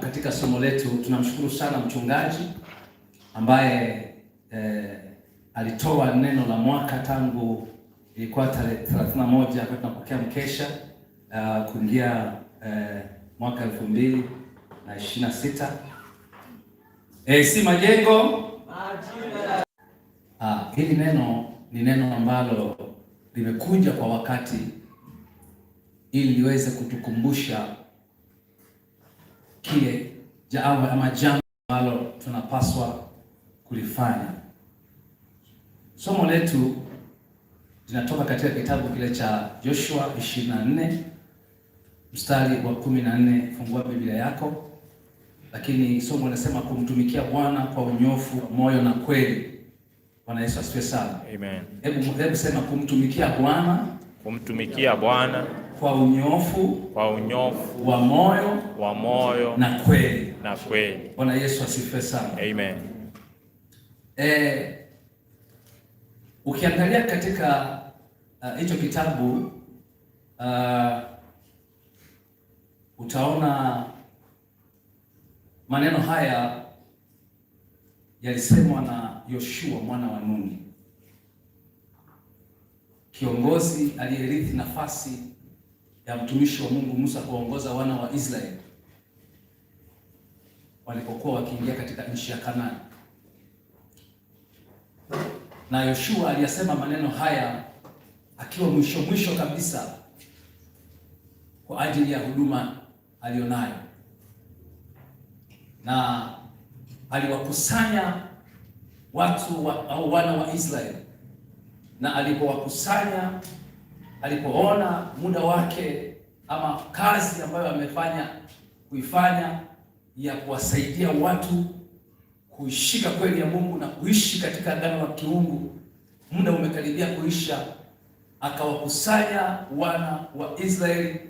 Katika somo letu tunamshukuru sana mchungaji ambaye eh, alitoa neno la mwaka tangu ilikuwa tarehe 31 kwa tunapokea mkesha uh, kuingia eh, mwaka elfu mbili na ishirini na sita eh, si majengo ah, hili neno ni neno ambalo limekuja kwa wakati ili liweze kutukumbusha kile jambo ama jambo ambalo tunapaswa kulifanya. Somo letu linatoka katika kitabu kile cha Joshua 24 mstari wa 14. Fungua Biblia yako, lakini somo linasema kumtumikia Bwana kwa unyofu moyo na kweli. Bwana Yesu asifiwe sana. Amen. Hebu hebu sema kumtumikia Bwana, kumtumikia Bwana kwa unyofu kwa unyofu wa moyo wa moyo na kweli na kweli. Bwana Yesu asifiwe sana, amen. Eh, ukiangalia katika e, hicho uh, kitabu uh, utaona maneno haya yalisemwa na Yoshua mwana wa Nuni, kiongozi aliyerithi nafasi ya mtumishi wa Mungu Musa kuwaongoza wana wa Israeli walipokuwa wakiingia katika nchi ya Kanaani. Na Yoshua aliyasema maneno haya akiwa mwisho mwisho kabisa kwa ajili ya huduma aliyonayo, na aliwakusanya watu wa, au wana wa Israeli, na alipowakusanya alipoona muda wake ama kazi ambayo amefanya kuifanya ya kuwasaidia watu kuishika kweli ya Mungu na kuishi katika agano la kiungu, muda umekaribia kuisha, akawakusanya wana wa Israeli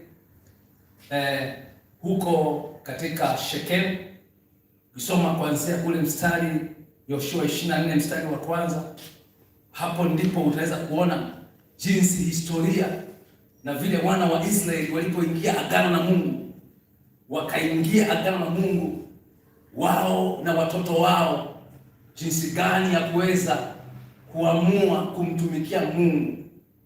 eh, huko katika Shekemu. Ukisoma kuanzia kule mstari Yoshua 24 mstari wa kwanza, hapo ndipo utaweza kuona jinsi historia na vile wana wa Israeli walipoingia agano na Mungu, wakaingia agano na Mungu wao na watoto wao, jinsi gani ya kuweza kuamua kumtumikia Mungu.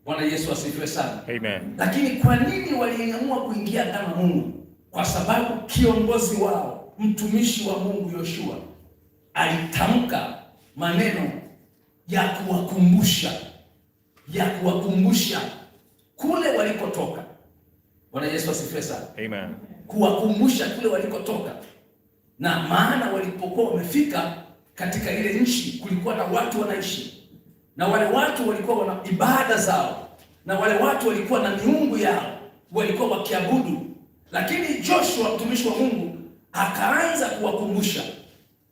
Bwana Yesu asifiwe sana. Amen. Lakini kwa nini waliamua kuingia agano na Mungu? Kwa sababu kiongozi wao mtumishi wa Mungu Yoshua alitamka maneno ya kuwakumbusha ya kuwakumbusha kule walikotoka. Bwana Yesu asifiwe sana. Amen. Kuwakumbusha kule walikotoka, na maana walipokuwa wamefika katika ile nchi kulikuwa na watu wanaishi, na wale watu walikuwa wana ibada zao, na wale watu walikuwa na miungu yao walikuwa wakiabudu, lakini Joshua mtumishi wa Mungu akaanza kuwakumbusha.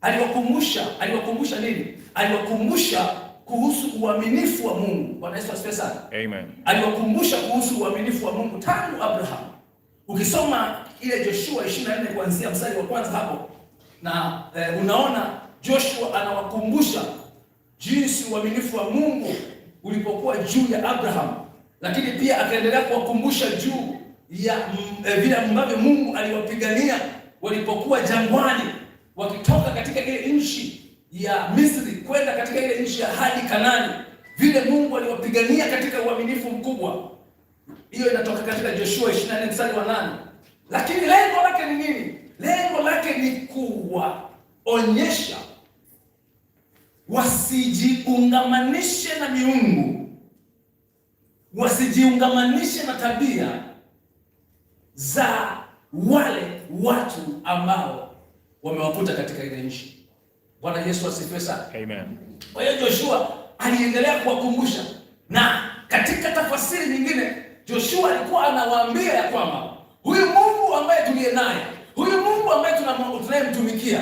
Aliwakumbusha, aliwakumbusha nini? Aliwakumbusha kuhusu uaminifu wa Mungu. Bwana Yesu asifiwe sana. Amen. Aliwakumbusha kuhusu uaminifu wa Mungu tangu Abraham. Ukisoma ile Joshua 24 kuanzia mstari wa kwanza hapo na e, unaona Joshua anawakumbusha jinsi uaminifu wa Mungu ulipokuwa juu ya Abraham, lakini pia akaendelea kuwakumbusha juu ya e, vile ambavyo Mungu aliwapigania walipokuwa jangwani wakitoka katika ile nchi ya Misri kwenda katika ile nchi ya hadi Kanani, vile Mungu aliwapigania katika uaminifu mkubwa. Hiyo inatoka katika Joshua 24 mstari wa 8. Lakini lengo lake ni nini? Lengo lake ni kuwaonyesha wasijiungamanishe na miungu, wasijiungamanishe na tabia za wale watu ambao wamewakuta katika ile nchi. Bwana Yesu asifiwe sana. Amen. Kwa hiyo Joshua aliendelea kuwakumbusha, na katika tafasiri nyingine Joshua alikuwa anawaambia ya kwamba huyu Mungu ambaye tuliye naye, huyu Mungu ambaye tunayemtumikia,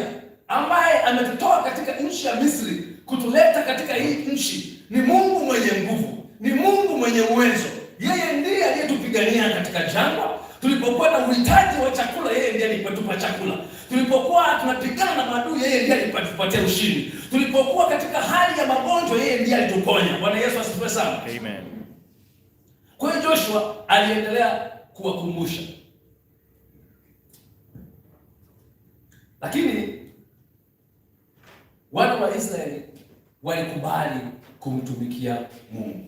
ambaye ametutoa katika nchi ya Misri kutuleta katika hii nchi, ni Mungu mwenye nguvu, ni Mungu mwenye uwezo. Yeye ndiye aliyetupigania katika jangwa Tulipokuwa na uhitaji wa chakula, yeye ndiye alipatupa chakula. Tulipokuwa tunapigana na maadui, yeye ndiye alipatupatia ushindi. Tulipokuwa katika hali ya magonjwa, yeye ndiye alituponya. Bwana Yesu asifiwe sana. Amen. Kwa hiyo Joshua aliendelea kuwakumbusha, lakini wana wa Israeli walikubali kumtumikia Mungu.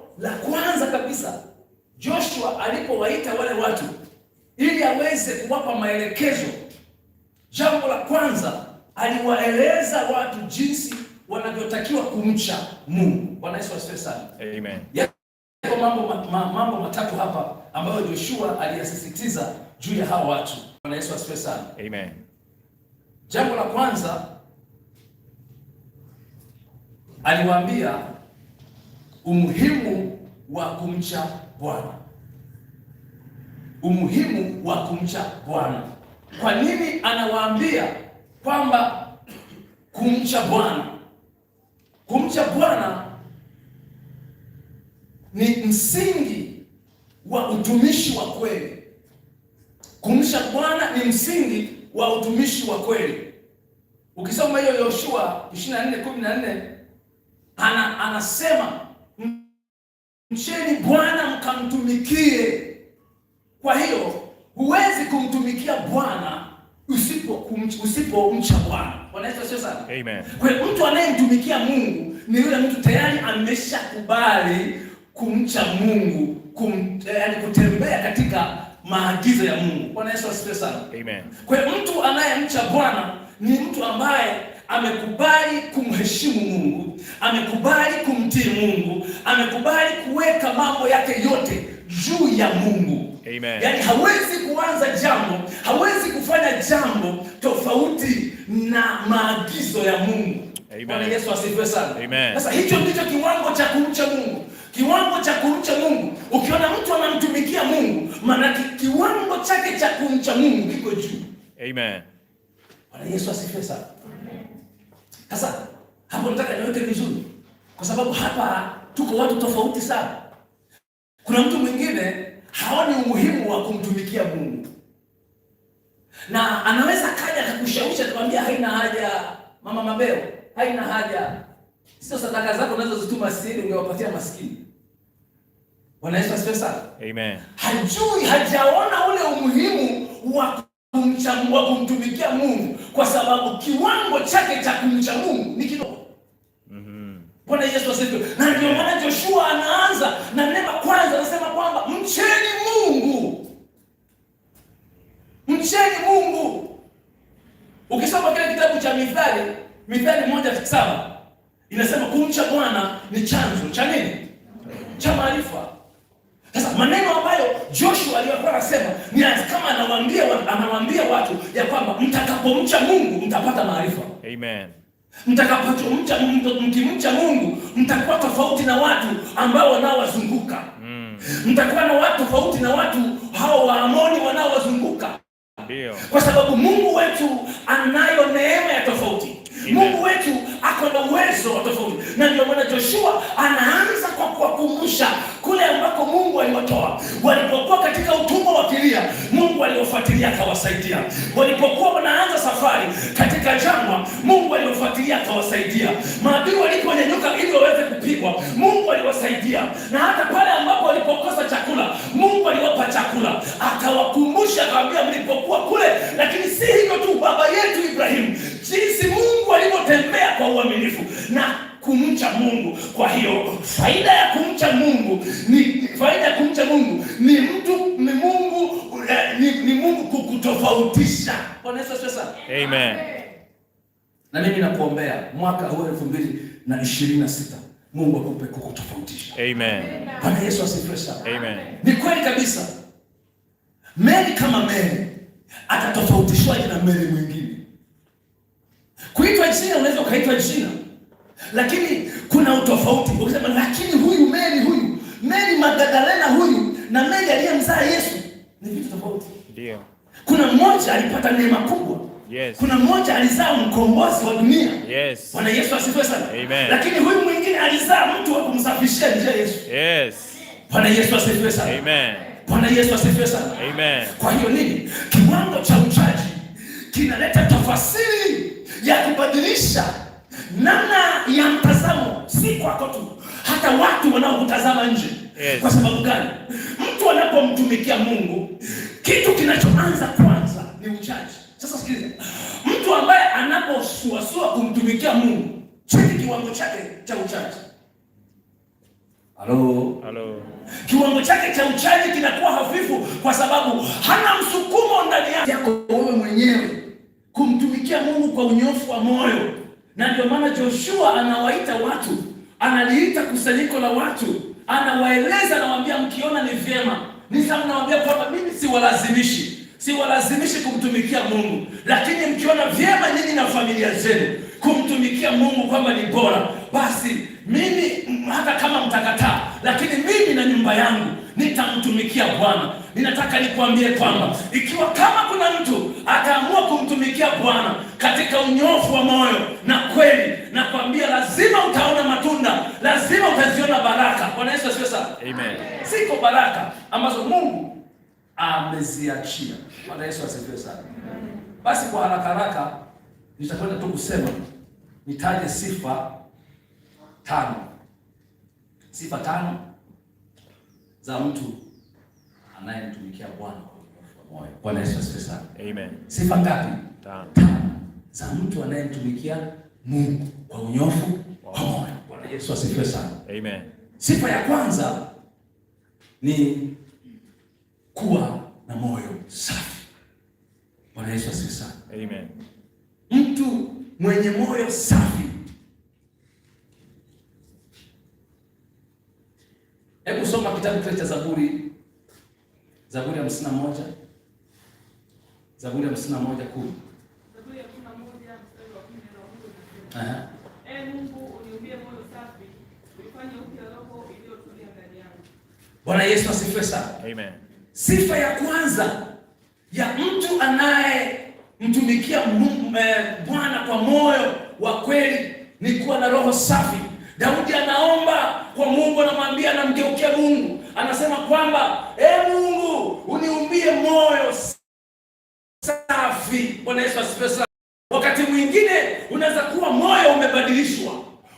la kwanza kabisa Joshua alipowaita wale watu ili aweze kuwapa maelekezo, jambo la kwanza aliwaeleza watu jinsi wanavyotakiwa kumcha Mungu. Bwana Yesu asifiwe sana. Amen. Yako mambo, ma, mambo matatu hapa ambayo Joshua aliyasisitiza juu ya hawa watu. Bwana Yesu asifiwe sana. Amen. Jambo la kwanza aliwaambia Umuhimu wa kumcha Bwana, umuhimu wa kumcha Bwana. Kwa nini anawaambia kwamba kumcha Bwana? Kumcha Bwana ni msingi wa utumishi wa kweli. Kumcha Bwana ni msingi wa utumishi wa kweli. Ukisoma hiyo Yoshua 24:14 ana anasema Mcheni Bwana mkamtumikie. Kwa hiyo huwezi kumtumikia Bwana usipomcha usipo Bwana. Bwana Yesu sio sana. Amen. Kwa hiyo mtu anayemtumikia Mungu ni yule mtu tayari ameshakubali kumcha Mungu, kum, yaani kutembea katika maagizo ya Mungu. Bwana Yesu asifiwe sana. Amen. Kwa hiyo mtu anayemcha Bwana ni mtu ambaye amekubali kumheshimu Mungu, amekubali kumtii Mungu, amekubali kuweka mambo yake yote juu ya Mungu. Amen. Yaani hawezi kuanza jambo, hawezi kufanya jambo tofauti na maagizo ya Mungu. Bwana Yesu asifiwe sana. Sasa hicho ndicho kiwango cha kumcha Mungu, kiwango cha kumcha Mungu. Ukiona mtu anamtumikia Mungu, maana kiwango chake cha kumcha Mungu kiko juu. Amen. Bwana Yesu asifiwe sana. Sasa hapo nataka niweke vizuri, kwa sababu hapa tuko watu tofauti sana. Kuna mtu mwingine haoni umuhimu wa kumtumikia Mungu na anaweza kaja akakushawisha, akamwambia haina haja, mama Mabeo, haina haja, sio sadaka zako unazozituma siri ungewapatia maskini. Bwana Yesu asifiwe sana. Amen. Hajui, hajaona ule umuhimu wa kumchagua kumtumikia Mungu kwa sababu kiwango chake cha kumcha Mungu ni kidogo. Mm Bwana Yesu asifiwe. Na ndio maana Joshua anaanza na neno kwanza anasema kwamba mcheni Mungu. Mcheni Mungu. Ukisoma kile kitabu cha Mithali, Mithali moja saba inasema kumcha Bwana ni chanzo cha nini? Cha maarifa. Sasa maneno Joshua aliyokuwa anasema ni kama anawaambia anawaambia watu ya kwamba mtakapomcha Mungu mtapata maarifa. Amen. Mtakapomcha mkimcha Mungu mtakuwa tofauti na watu ambao wanaowazunguka. Mm. Mtakuwa na watu tofauti na watu hao Waamoni wanaowazunguka. Ndio. Kwa sababu Mungu wetu anayo neema ya tofauti. Mungu wetu ako na uwezo wa tofauti, na ndio maana Joshua anaanza kwa kuwakumbusha kule ambako Mungu aliwatoa walipokuwa katika utumwa wa Kiria. Mungu aliyofuatilia akawasaidia. Walipokuwa wanaanza safari katika jangwa, Mungu aliofatilia akawasaidia. Maadui waliponyanyuka ili waweze kupigwa, Mungu aliwasaidia, na hata pale ambapo walipokosa chakula, Mungu aliwapa chakula, akawakumbusha, akawambia mlipokuwa kule. Lakini si hivyo tu, baba yetu Ibrahimu, jinsi Mungu alivyotembea kwa uaminifu na kumcha Mungu. Kwa hiyo faida ya kumcha Mungu ni faida ya kumcha Mungu ni mtu ni Mungu ni, ni Mungu kukutofautisha. Bwana Yesu asifiwe sana. Amen. Na mimi nakuombea mwaka huu sita Mungu akupe kukutofautisha. Amen. Bwana Yesu asifiwe sana. Amen. Ni kweli kabisa. Meli kama meli atatofautishwaje na meli mwingine? Kuitwa jina unaweza ukaitwa jina, lakini kuna utofauti. Ukisema lakini huyu meli huyu meli Magdalena huyu na meli aliyemzaa Yesu ni vitu tofauti. Ndio. Kuna mmoja alipata neema kubwa. Yes. Kuna mmoja alizaa mkombozi wa dunia. Yes. Bwana Yesu asifiwe sana. Amen. Lakini huyu mwingine alizaa mtu wa kumsafishia njia Yesu. Yes. Bwana Yesu asifiwe sana. Amen. Bwana Yesu asifiwe sana. Amen. Kwa hiyo nini? Kiwango cha uchaji kinaleta tafasiri ya kubadilisha namna ya mtazamo si kwako tu, hata watu wanaokutazama nje Yes. Kwa sababu gani? Mtu anapomtumikia Mungu, kitu kinachoanza kwanza ni uchaji. Sasa sikiliza, mtu ambaye anaposuasua kumtumikia Mungu, cheki kiwango chake cha uchaji. Halo. Halo. Kiwango chake cha uchaji kinakuwa hafifu kwa sababu hana msukumo ndani yako wewe mwenyewe kumtumikia Mungu kwa unyofu wa moyo, na ndio maana Joshua anawaita watu, analiita kusanyiko la watu anawaeleza anawaambia, mkiona ni vyema. Ni sawa, nawaambia kwamba mimi siwalazimishi, siwalazimishi kumtumikia Mungu, lakini mkiona vyema nyinyi na familia zenu kumtumikia Mungu kwamba ni bora, basi mimi hata kama mtakataa, lakini mimi na nyumba yangu nitamtumikia Bwana. Ninataka nikuambie kwamba ikiwa kama kuna mtu ataamua kumtumikia Bwana katika unyofu wa moyo na kweli, nakwambia lazima utaona matunda, lazima utaziona baraka. Amen. Ziko baraka ambazo Mungu ameziachia. Bwana Yesu asifiwe sana. Basi kwa haraka haraka nitakwenda tu kusema nitaje sifa tano, sifa tano za mtu anayemtumikia Bwana kwa moyo. Bwana Yesu asifiwe sana. Amen. Sifa ngapi? Tano. Tano za mtu anayemtumikia Mungu kwa unyofu wa moyo. Bwana Yesu asifiwe sana. Amen. Sifa ya kwanza ni kuwa na moyo safi. Bwana Yesu asifiwe sana. Amen. Mtu mwenye moyo safi, hebu soma kitabu kile cha Zaburi, Zaburi ya hamsini na moja Zaburi ya hamsini na moja kumi. Zaburi ya hamsini na moja mstari wa kumi na moja. Aha. Bwana Yesu asifiwe sana. Amen. Sifa ya kwanza ya mtu anayemtumikia eh, Bwana kwa moyo wa kweli ni kuwa na roho safi. Daudi anaomba kwa Mungu, anamwambia, anamgeukia Mungu, anasema kwamba ee Mungu uniumbie moyo safi. Bwana Yesu asifiwe sana. Wakati mwingine unaweza kuwa moyo umebadilishwa,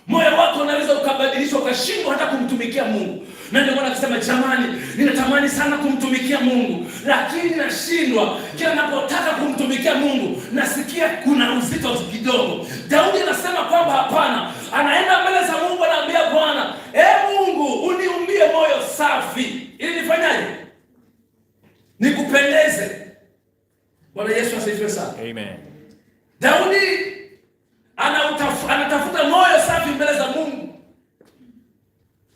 moyo wako unaweza ukabadilishwa ukashindwa hata kumtumikia Mungu. Na ndio maana akisema jamani, ninatamani sana kumtumikia Mungu, lakini nashindwa. Kila napotaka kumtumikia Mungu nasikia kuna uzito kidogo. Daudi anasema kwamba hapana, anaenda mbele za Mungu, anaambia Bwana, e Mungu, uniumbie moyo safi ili nifanyaje, nikupendeze. Bwana Yesu asifiwe sana, amen. Daudi anatafuta moyo safi mbele za Mungu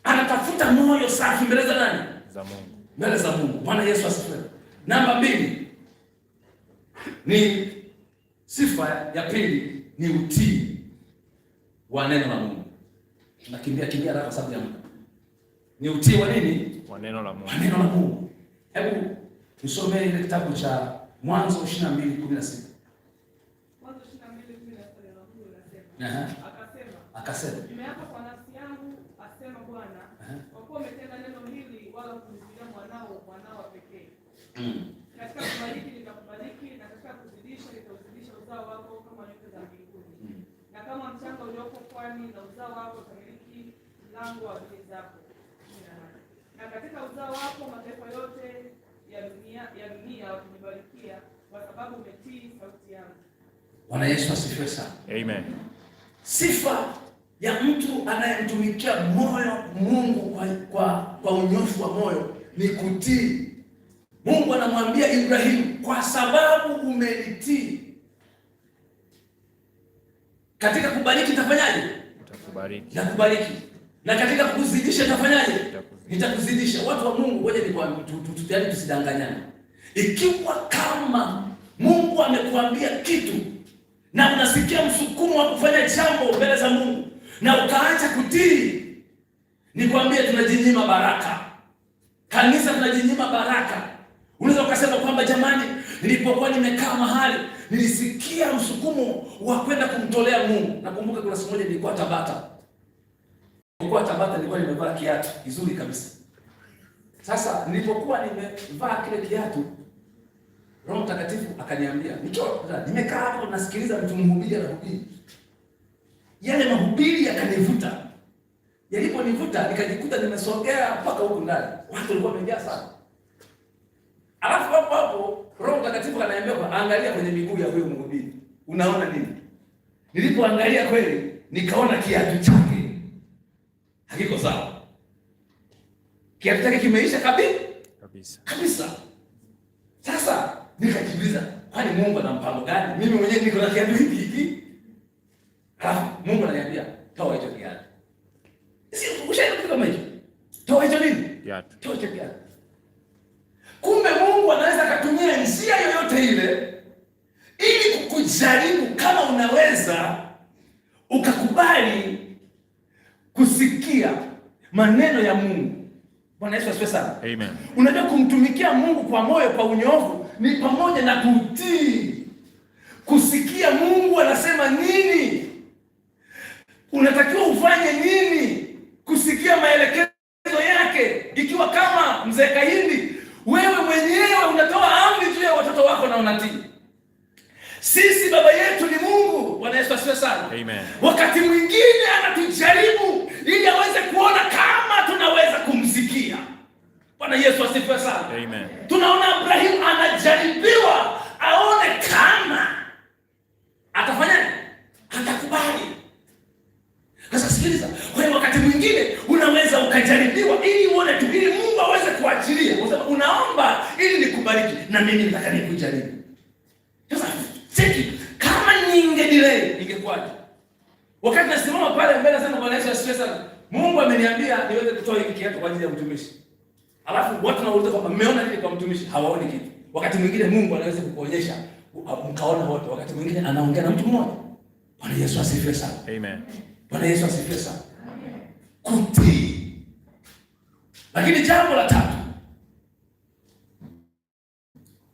anatafuta moyo safi mbele za nani? Za Mungu, mbele za Mungu. Bwana Yesu asifiwe. Namba mbili ni sifa ya pili ni utii wa neno la Mungu. Tunakimbia kimbia haraka sababu ya Mungu. Ni utii wa nini? Wa neno la Mungu. Wa neno la Mungu. Hebu nisomee ile kitabu cha Mwanzo 22:16. Mwanzo 22:16. Aha. Akasema. Akasema. Nimeapa kwa nafsi asema Bwana, kwa kuwa umetenda neno hili wala kumzuia mwanao mwanao pekee, mm. katika kubariki nitakubariki, na katika kuzidisha nitauzidisha uzao wako kama nyota za mbinguni mm. na kama mchanga ulioko pwani, na uzao wako utamiliki mlango wa adui zako, na katika uzao wako mataifa yote ya dunia ya dunia watajibarikia, kwa sababu umetii sauti yangu. Bwana Yesu asifiwe sana. Amen. Sifa ya mtu anayemtumikia moyo Mungu kwa, kwa, kwa unyofu wa moyo ni kutii. Mungu anamwambia Ibrahimu, kwa sababu umenitii katika kubariki nitafanyaje? Nitakubariki. Nakubariki. Na katika kukuzidisha nitafanyaje? Nitakuzidisha. Watu wa Mungu, ngoja nikwambie, tutaani tusidanganyane. Ikiwa kama Mungu amekuambia kitu na unasikia msukumo wa kufanya jambo mbele za Mungu na ukaacha kutii, nikwambie, tunajinyima baraka. Kanisa tunajinyima baraka. Unaweza ukasema kwamba jamani, nilipokuwa nimekaa mahali nilisikia msukumo wa kwenda kumtolea Mungu. Nakumbuka kuna siku moja nilikuwa Tabata, nilikuwa Tabata, nilikuwa nimevaa kiatu kizuri kabisa. Sasa nilipokuwa nimevaa kile kiatu, Roho Mtakatifu akaniambia, nimekaa hapo nasikiliza mtu mhubiri anahubiri yale mahubiri yakanivuta. Yaliponivuta nikajikuta nimesongea mpaka huku ndani, watu walikuwa wamejaa sana. Alafu hapo hapo Roho Mtakatifu ananiambia angalia kwenye miguu ya huyo mhubiri, unaona nini? Nilipoangalia kweli nikaona kiatu chake hakiko sawa, kiatu chake kimeisha kabisa kabisa kabisa. Sasa nikajiuliza, kwani Mungu ana mpango gani? Mimi mwenyewe niko na kiatu hiki hiki alafu Mungu ananiambia toa hicho kiatu. Si ushaenda kitu kama hicho. Toa hicho nini? Kiatu. Toa hicho kiatu. Kumbe Mungu anaweza akatumia njia yoyote ile ili kukujaribu kama unaweza ukakubali kusikia maneno ya Mungu. Bwana Yesu asifiwe sana. Amen. Unajua kumtumikia Mungu kwa moyo kwa unyofu ni pamoja na kutii. Kusikia Mungu anasema nini unatakiwa ufanye nini kusikia maelekezo yake, ikiwa kama mzee Kahindi wewe mwenyewe unatoa amri juu ya watoto wako na unatii? Sisi baba yetu ni Mungu. Bwana Yesu asiwe sana. Amen. Wakati mwingine anatujaribu ili aweze kuona kama tunaweza kumsikia. Bwana Yesu asifiwe sana. Amen. Tunaona Ibrahimu anajaribiwa aone kama Sikiliza, kwa wakati mwingine unaweza ukajaribiwa ili uone tu, ili Mungu aweze kuajiria, kwa sababu unaomba ili nikubariki, na mimi nataka nikujaribu. Sasa cheki, kama ninge delay ingekuwaje? Wakati nasimama pale mbele sana, Bwana Yesu asifiwe sana, Mungu ameniambia niweze kutoa hiki kiatu kwa ajili ya mtumishi, alafu watu nauliza kwamba mmeona nini kwa mtumishi? Hawaoni kitu. Wakati mwingine Mungu anaweza kukuonyesha mkaona wote, wakati mwingine anaongea na mtu mmoja. Bwana Yesu asifiwe sana, amen. Bwana Yesu asifiwe sana. Kutii. Lakini jambo la tatu,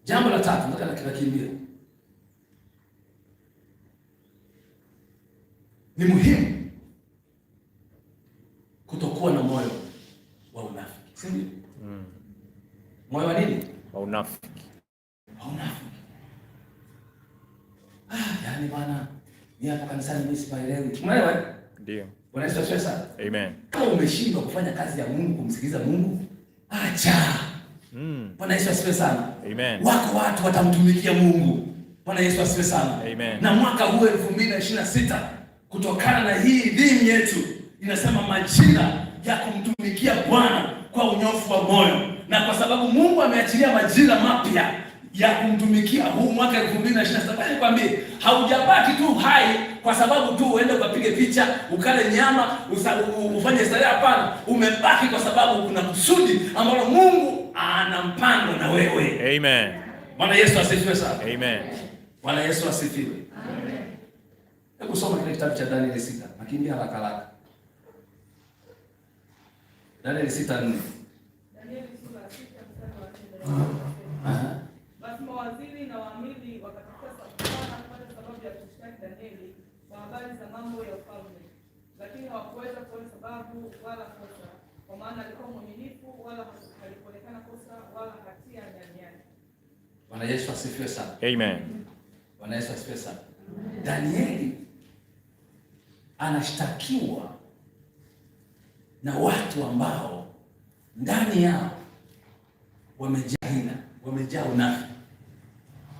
jambo la tatu nataka nakimbia, ni muhimu kutokuwa na moyo wa unafiki, si ndio? Mm. Moyo wa nini? Wa unafiki. Wa unafiki. Ah, yani bwana, ni hapa kanisani mimi sipaelewi. Unaelewa? Ndio. Bwana Yesu asifiwe sana. Amen. Kama umeshindwa kufanya kazi ya Mungu, kumsikiliza Mungu, acha. Mm. Bwana Yesu asifiwe sana. Amen. Wako watu watamtumikia Mungu. Bwana Yesu asifiwe sana. Amen. Na mwaka huu 2026 kutokana na hii dini yetu inasema majira ya kumtumikia Bwana kwa unyofu wa moyo, na kwa sababu Mungu ameachilia majira mapya ya kumtumikia huu mwaka 2027. Nikwambie, haujabaki tu hai kwa sababu tu uende ukapige picha, ukale nyama, ufanye starehe. Hapana, umebaki kwa sababu kuna kusudi ambalo Mungu ana mpango na wewe. Amen. Bwana Yesu asifiwe sana. Amen. Bwana Yesu asifiwe. Amen. Hebu soma kile kitabu cha Danieli 6. Nakimbia haraka haraka. Danieli 6:4. Danieli 6:4. Halafu mawaziri na waamili wakatokea sana kupata sababu ya kumshtaki Danieli kwa habari za mambo ya ufalme, lakini hawakuweza kuona sababu wala kosa, kwa maana alikuwa mwaminifu, wala halikuonekana kosa wala hatia ndani yake. Bwana Yesu asifiwe sana. Amen. Bwana Yesu asifiwe sana. Danieli anashtakiwa na watu ambao ndani yao wamejaa hina, wamejaa unafiki.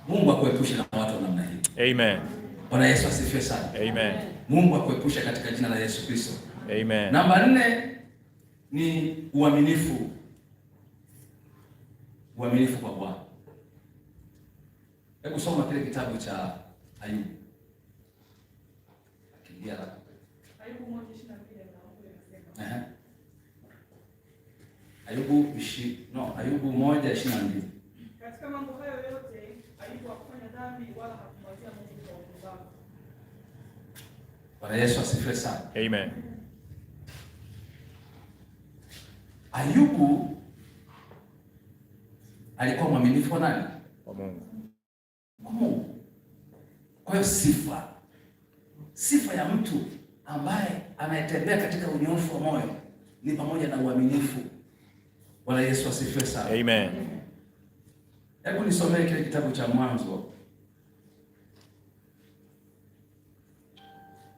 Mungu akuepushe na watu wa namna hiyo. Amen. Bwana Yesu asifiwe sana. Amen. Mungu akuepushe katika jina la Yesu Kristo. Amen. Namba nne ni uaminifu. Uaminifu kwa Bwana. Hebu soma kile kitabu cha Ayubu. Akilia la. Ayubu 1:22. Eh. Ayubu 20, no, Ayubu 1:22. Katika mambo hayo yote haikuwa kufanya dhambi wala hakumwazia Mungu kwa uovu wake. Bwana Yesu asifiwe sana. Amen. Ayubu alikuwa mwaminifu kwa nani? Kwa Mungu. Kwa hiyo sifa sifa ya mtu ambaye anayetembea katika unyoofu wa moyo ni pamoja na uaminifu. Bwana Yesu asifiwe sana. Amen. Hebu nisomee kile kitabu cha Mwanzo.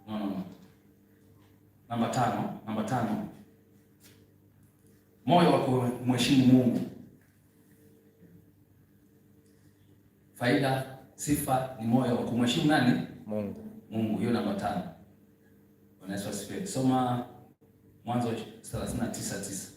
No, no. Namba tano, namba tano. Moyo wa kumheshimu Mungu. Faida sifa ni moyo wa kumheshimu nani? Mungu. Mungu, hiyo namba tano. Bwana Yesu asifiwe. Soma Mwanzo 39:9.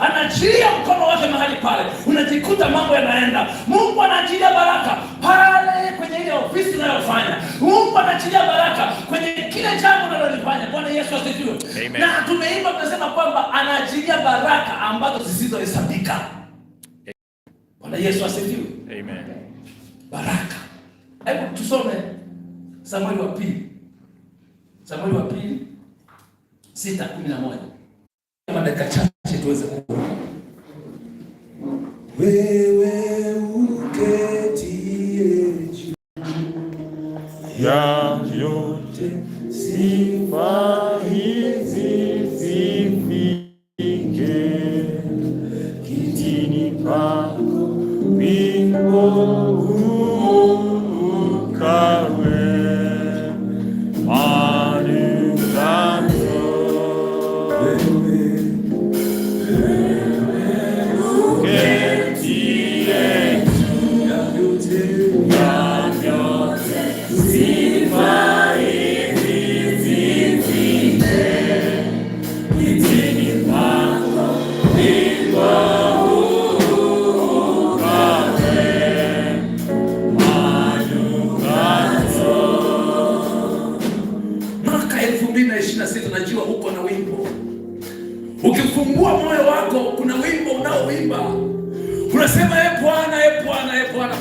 Anaachilia mkono wake mahali pale, unajikuta mambo yanaenda. Mungu anaachilia baraka pale kwenye ile ofisi unayofanya. Mungu anaachilia baraka kwenye kile jambo unalolifanya. Bwana Yesu asifiwe. Na tumeimba tunasema kwamba anaachilia baraka ambazo zisizohesabika. Bwana Yesu asifiwe. Amen. Baraka. Hebu tusome Samueli wa pili, Samueli wa pili sita kumi na moja kama dakika chache tuweze kuona wewe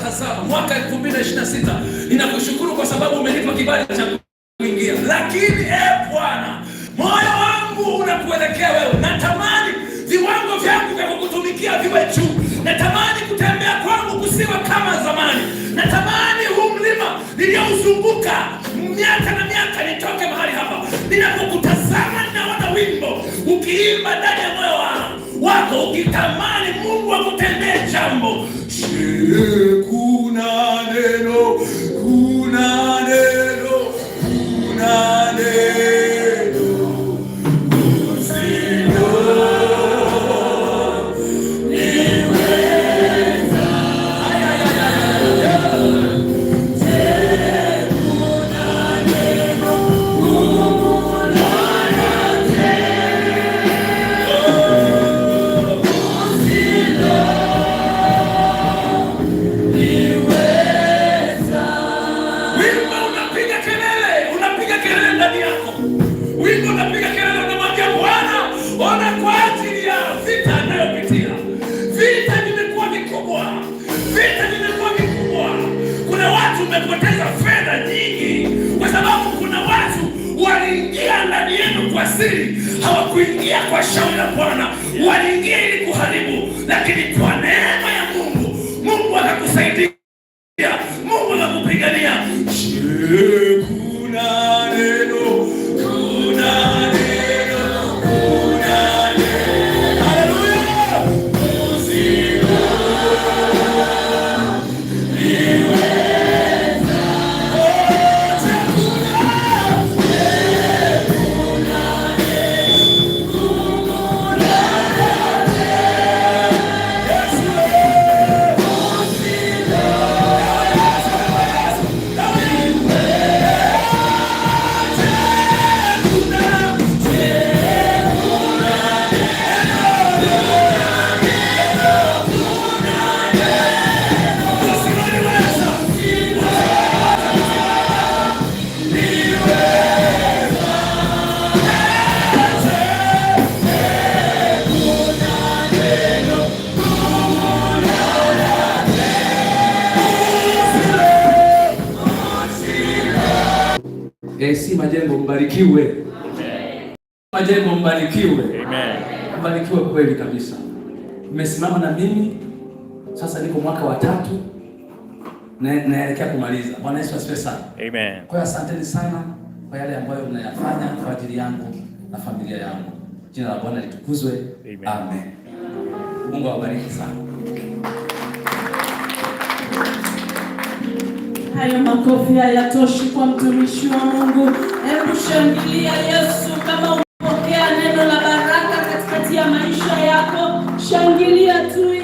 kadhaa mwaka 2026. Ninakushukuru kwa sababu umenipa kibali cha kuingia, lakini eh Bwana, moyo wangu unakuelekea wewe. Natamani viwango vyangu vya kukutumikia viwe juu. Natamani kutembea kwangu kusiwe kama zamani. Natamani huu mlima niliyouzunguka miaka na miaka nitoke mahali hapa. Ninapokutazama, ninaona wimbo ukiimba ndani ya moyo wangu wako ukitamani Mungu akutendee jambo. Je, kuna neno AC eh, Majengo mbarikiwe. Amen. Majengo mbarikiwe. Amen. Mbarikiwe kweli kabisa. Mmesimama na mimi sasa, niko mwaka wa tatu na naelekea kumaliza. Bwana Yesu asifiwe sana. Amen. Kwa hiyo asanteni sana kwa yale ambayo mnayafanya kwa ajili yangu na familia yangu. Jina la Bwana litukuzwe. Amen. Amen. Mungu awabariki sana. Hayo makofi hayatoshi kwa mtumishi wa Mungu. Hebu shangilia Yesu kama umepokea neno la baraka katikati ya maisha yako, shangilia tu.